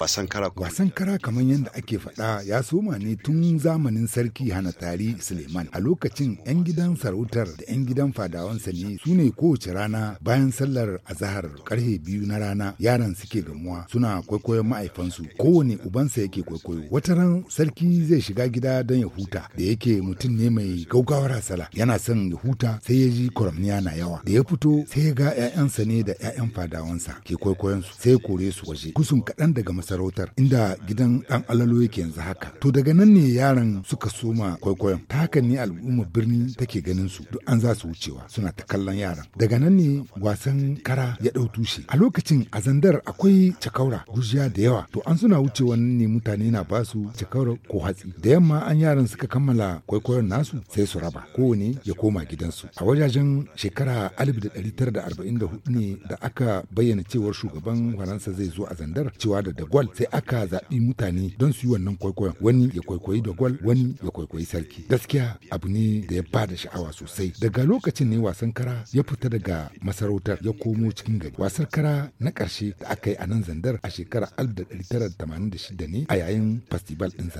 basankara basankara kamar yadda ake faɗa ya soma ne tun zamanin sarki hana tari suleiman a lokacin 'yan gidan sarautar da 'yan gidan fadawansa ne su ne kowace rana bayan sallar azahar karhe biyu na rana yaran suke gamuwa suna kwaikwayon ma'aifansu kowane ubansa yake kwaikwayo wata ran sarki zai shiga gida don ya huta da yake mutum ne mai gaugawar hasala yana son ya huta sai ya ji kwaramniya na yawa da ya fito sai ya ga 'ya'yansa ne da 'ya'yan fadawansa ke kwaikwayon su sai kore su waje kusun kaɗan daga masarautar inda gidan dan alalo yake yanzu haka to daga nan ne yaran suka soma kwaikwayon ta haka ne al'umma birni take ganin su duk an za su wucewa suna ta kallon yaran daga nan ne wasan kara ya dau tushe a lokacin a zandar akwai cakaura gujiya da yawa to an suna wucewa ne mutane na ba su cakaura ko hatsi da yamma an yaran suka kammala kwaikwayon nasu sai su raba kowane ya koma gidansu a wajajen shekara alif 1944 ne da aka bayyana cewar shugaban faransa zai zo a zandar cewa da dagwa gwal sai aka zaɓi mutane don su yi wannan kwaikwayon wani ya kwaikwayi da gwal wani ya kwaikwayi sarki gaskiya abu ne da ya bada sha'awa sosai daga lokacin ne wasan kara ya fita daga masarautar ya komo cikin gari wasan kara na ƙarshe da aka yi a nan zandar a shekarar 1986 ne a yayin festival ɗin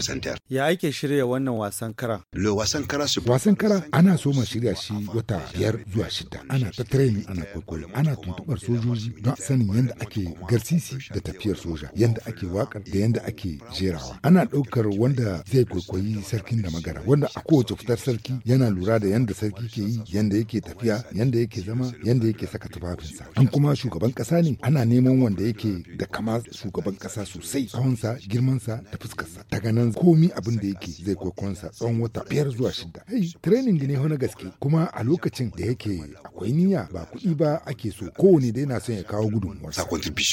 zandar. Ya ake shirya wannan wasan kara? wasan kara su. Wasan kara ana so ma shirya shi wata biyar zuwa shida ana ta training ana kwaikwayo ana tuntuɓar sojoji don sanin yadda ake garsisi da tafiyar ƙungiyar soja yanda ake wakar da yanda ake jerawa ana ɗaukar wanda zai kwaikwayi sarkin da magara wanda a kowace fitar sarki yana lura da yanda sarki ke yi yanda yake tafiya yanda yake zama yanda yake saka tufafinsa an kuma shugaban ƙasa ne ana neman wanda yake da kama shugaban ƙasa sosai tsawonsa girmansa da fuskarsa daga nan komi abin da yake zai kwaikwayonsa tsawon wata biyar zuwa shida hey training ne na gaske kuma a lokacin da yake akwai niyya ba kuɗi ba ake so kowane da yana son ya kawo gudunmuwarsa.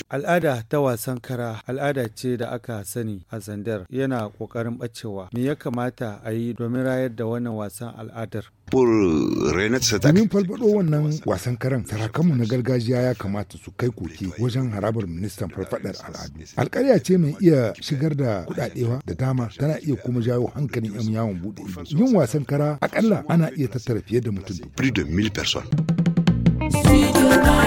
Al'ada ta wasan kara al'ada ce da aka sani a Zandar yana ƙoƙarin ɓacewa. Me ya kamata a yi domin rayar da wannan wasan al'adar? Euh, domin falfaɗo wannan wasan karan sarakanmu na gargajiya ya kamata su kai koke wajen harabar ministan farfadar al'adu. Alƙarya ce mai iya shigar da kuɗaɗewa da dama tana iya kuma jawo hankalin 'yan yawon buɗe Yin wasan kara akalla ana iya tattara fiye da mutum. Plus de Bye.